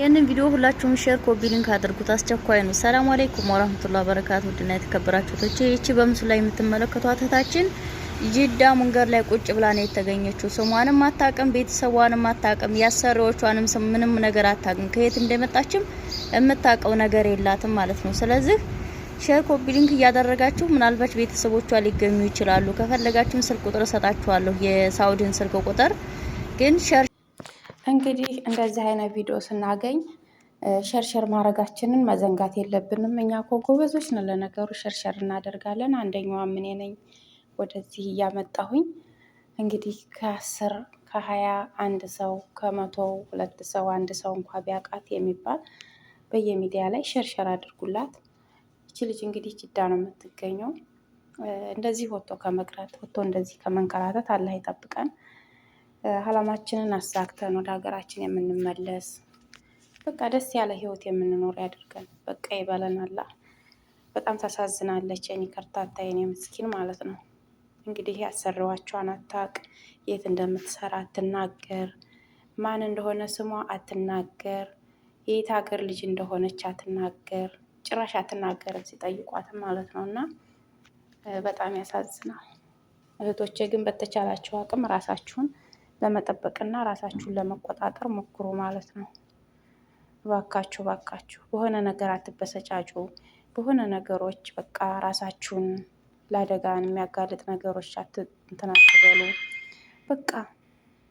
ይህንን ቪዲዮ ሁላችሁም ሼር ኮፒ ሊንክ አድርጉት፣ አስቸኳይ ነው። ሰላም አለይኩም ወራህመቱላሂ ወበረካቱ ድና የተከበራችሁ ቶቼ፣ ይቺ በምስሉ ላይ የምትመለከቷት እህታችን ጅዳ መንገድ ላይ ቁጭ ብላ ነው የተገኘችው። ስሟንም አታውቅም፣ ቤተሰቧንም አታውቅም፣ ያሰሪዎቿንም ምንም ነገር አታውቅም። ከየት እንደመጣችም የምታውቀው ነገር የላትም ማለት ነው። ስለዚህ ሼር ኮፒ ሊንክ እያደረጋችሁ ምናልባት ቤተሰቦቿ ሊገኙ ይችላሉ። ከፈለጋችሁም ስልክ ቁጥር እሰጣችኋለሁ፣ የሳውዲን ስልክ ቁጥር ግን ሸር እንግዲህ እንደዚህ አይነት ቪዲዮ ስናገኝ ሸርሸር ማድረጋችንን መዘንጋት የለብንም። እኛ እኮ ጎበዞች ነው ለነገሩ፣ ሸርሸር እናደርጋለን። አንደኛዋ ምን ነኝ ወደዚህ እያመጣሁኝ እንግዲህ ከአስር ከሀያ አንድ ሰው ከመቶ ሁለት ሰው አንድ ሰው እንኳ ቢያውቃት የሚባል በየሚዲያ ላይ ሸርሸር አድርጉላት። ይቺ ልጅ እንግዲህ ጅዳ ነው የምትገኘው። እንደዚህ ወጥቶ ከመቅረት ወጥቶ እንደዚህ ከመንከራተት አላህ ይጠብቀን። አላማችንን አሳክተን ወደ ሀገራችን የምንመለስ በቃ ደስ ያለ ህይወት የምንኖር ያድርገን። በቃ ይበለናላ። በጣም ታሳዝናለች የኔ ከርታታ የኔ ምስኪን ማለት ነው። እንግዲህ ያሰሪዋቿን አታቅ፣ የት እንደምትሰራ አትናገር፣ ማን እንደሆነ ስሟ አትናገር፣ የየት ሀገር ልጅ እንደሆነች አትናገር፣ ጭራሽ አትናገርም ሲጠይቋት ማለት ነው። እና በጣም ያሳዝናል። እህቶቼ ግን በተቻላቸው አቅም ራሳችሁን ለመጠበቅና ራሳችሁን ለመቆጣጠር ሞክሩ ማለት ነው። ባካችሁ ባካችሁ በሆነ ነገር አትበሰጫጩ። በሆነ ነገሮች በቃ ራሳችሁን ለአደጋን የሚያጋልጥ ነገሮች እንትን አትበሉ። በቃ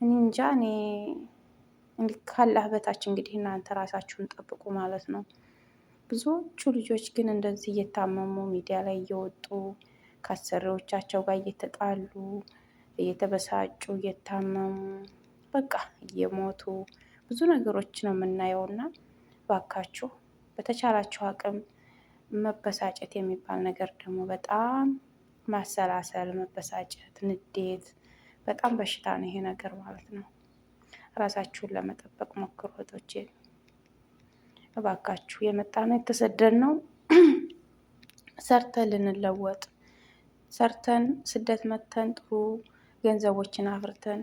እኔ እንጃ እኔ ካላህ በታች እንግዲህ እናንተ ራሳችሁን ጠብቁ ማለት ነው። ብዙዎቹ ልጆች ግን እንደዚህ እየታመሙ ሚዲያ ላይ እየወጡ ከአሰሪዎቻቸው ጋር እየተጣሉ እየተበሳጩ እየታመሙ በቃ እየሞቱ ብዙ ነገሮች ነው የምናየው። እና ባካችሁ በተቻላችሁ አቅም መበሳጨት የሚባል ነገር ደግሞ በጣም ማሰላሰል፣ መበሳጨት፣ ንዴት በጣም በሽታ ነው ይሄ ነገር ማለት ነው። ራሳችሁን ለመጠበቅ ሞክሩ እህቶቼ እባካችሁ። የመጣነው የተሰደድ ነው ሰርተን ልንለወጥ ሰርተን ስደት መተን ጥሩ ገንዘቦችን አፍርተን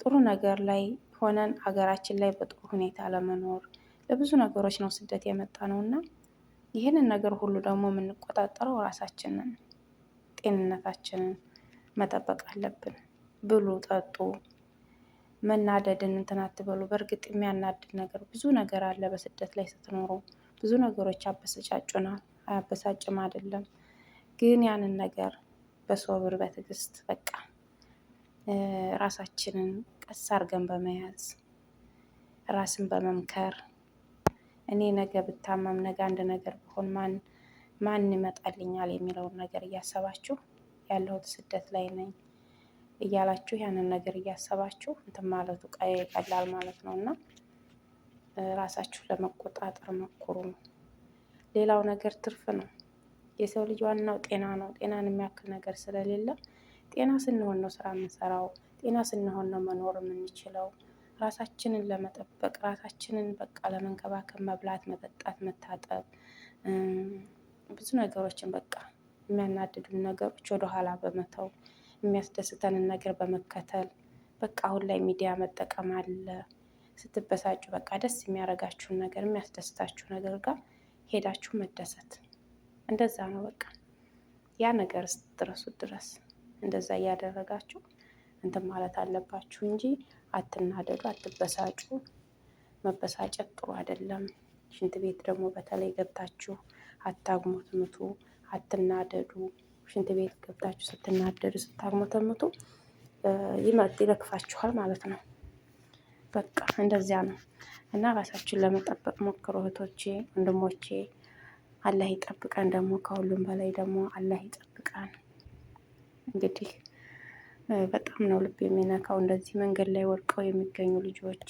ጥሩ ነገር ላይ ሆነን ሀገራችን ላይ በጥሩ ሁኔታ ለመኖር ለብዙ ነገሮች ነው ስደት የመጣ ነው እና ይህንን ነገር ሁሉ ደግሞ የምንቆጣጠረው ራሳችንን ጤንነታችንን መጠበቅ አለብን። ብሉ፣ ጠጡ፣ መናደድን እንትን አትበሉ። በእርግጥ የሚያናድድ ነገር ብዙ ነገር አለ። በስደት ላይ ስትኖሩ ብዙ ነገሮች አበሰጫጩናል። አያበሳጭም አይደለም ግን ያንን ነገር በሶብር በትዕግስት በቃ ራሳችንን ቀስ አድርገን በመያዝ ራስን በመምከር እኔ ነገ ብታመም ነገ አንድ ነገር ብሆን ማን ማን ይመጣልኛል የሚለውን ነገር እያሰባችሁ ያለሁት ስደት ላይ ነኝ እያላችሁ ያንን ነገር እያሰባችሁ እንትን ማለቱ ቀላል ማለት ነው እና ራሳችሁ ለመቆጣጠር መኩሩ ነው። ሌላው ነገር ትርፍ ነው። የሰው ልጅ ዋናው ጤና ነው። ጤናን የሚያክል ነገር ስለሌለ ጤና ስንሆን ነው ስራ የምንሰራው። ጤና ስንሆን ነው መኖር የምንችለው። ራሳችንን ለመጠበቅ ራሳችንን በቃ ለመንከባከብ መብላት፣ መጠጣት፣ መታጠብ ብዙ ነገሮችን በቃ የሚያናድዱን ነገሮች ወደኋላ በመተው የሚያስደስተንን ነገር በመከተል በቃ አሁን ላይ ሚዲያ መጠቀም አለ። ስትበሳጩ በቃ ደስ የሚያደርጋችሁን ነገር የሚያስደስታችሁ ነገር ጋር ሄዳችሁ መደሰት እንደዛ ነው። በቃ ያ ነገር ስትረሱት ድረስ እንደዛ እያደረጋችሁ እንትን ማለት አለባችሁ እንጂ አትናደዱ፣ አትበሳጩ። መበሳጨት ጥሩ አይደለም። ሽንት ቤት ደግሞ በተለይ ገብታችሁ አታግሞትምቱ፣ አትናደዱ። ሽንት ቤት ገብታችሁ ስትናደዱ፣ ስታግሞትምቱ ይለክፋችኋል ማለት ነው። በቃ እንደዚያ ነው እና ራሳችሁን ለመጠበቅ ሞክሮ እህቶቼ፣ ወንድሞቼ። አላህ ይጠብቀን። ደግሞ ከሁሉም በላይ ደግሞ አላህ ይጠብቀን። እንግዲህ በጣም ነው ልብ የሚነካው። እንደዚህ መንገድ ላይ ወድቀው የሚገኙ ልጆች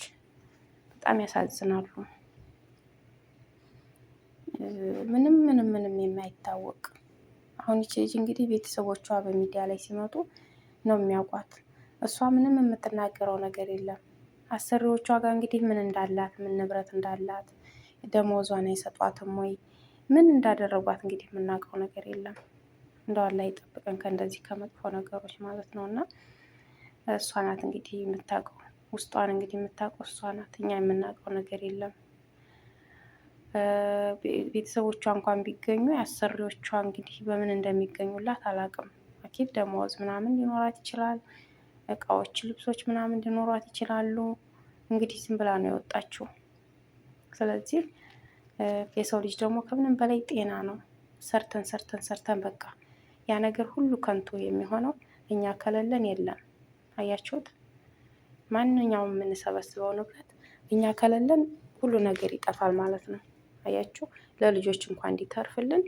በጣም ያሳዝናሉ። ምንም ምንም ምንም የማይታወቅ አሁን ይቺ ልጅ እንግዲህ ቤተሰቦቿ በሚዲያ ላይ ሲመጡ ነው የሚያውቋት። እሷ ምንም የምትናገረው ነገር የለም። አሰሪዎቿ ጋር እንግዲህ ምን እንዳላት ምን ንብረት እንዳላት ደሞዟን አይሰጧትም ወይ ምን እንዳደረጓት እንግዲህ የምናውቀው ነገር የለም። እንደው አላህ ይጠብቀን ከእንደዚህ ከመጥፎ ነገሮች ማለት ነው። እና እሷ ናት እንግዲህ የምታውቀው ውስጧን እንግዲህ የምታውቀው እሷ ናት። እኛ የምናውቀው ነገር የለም። ቤተሰቦቿ እንኳን ቢገኙ አሰሪዎቿ እንግዲህ በምን እንደሚገኙላት አላውቅም። አኪድ ደመወዝ ምናምን ሊኖራት ይችላል። እቃዎች፣ ልብሶች ምናምን ሊኖሯት ይችላሉ። እንግዲህ ዝም ብላ ነው የወጣችው። ስለዚህ የሰው ልጅ ደግሞ ከምንም በላይ ጤና ነው። ሰርተን ሰርተን ሰርተን በቃ ያ ነገር ሁሉ ከንቱ የሚሆነው እኛ ከሌለን የለም። አያችሁት? ማንኛውም የምንሰበስበው ንብረት እኛ ከሌለን ሁሉ ነገር ይጠፋል ማለት ነው። አያችሁ? ለልጆች እንኳን እንዲተርፍልን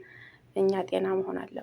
እኛ ጤና መሆን አለብን።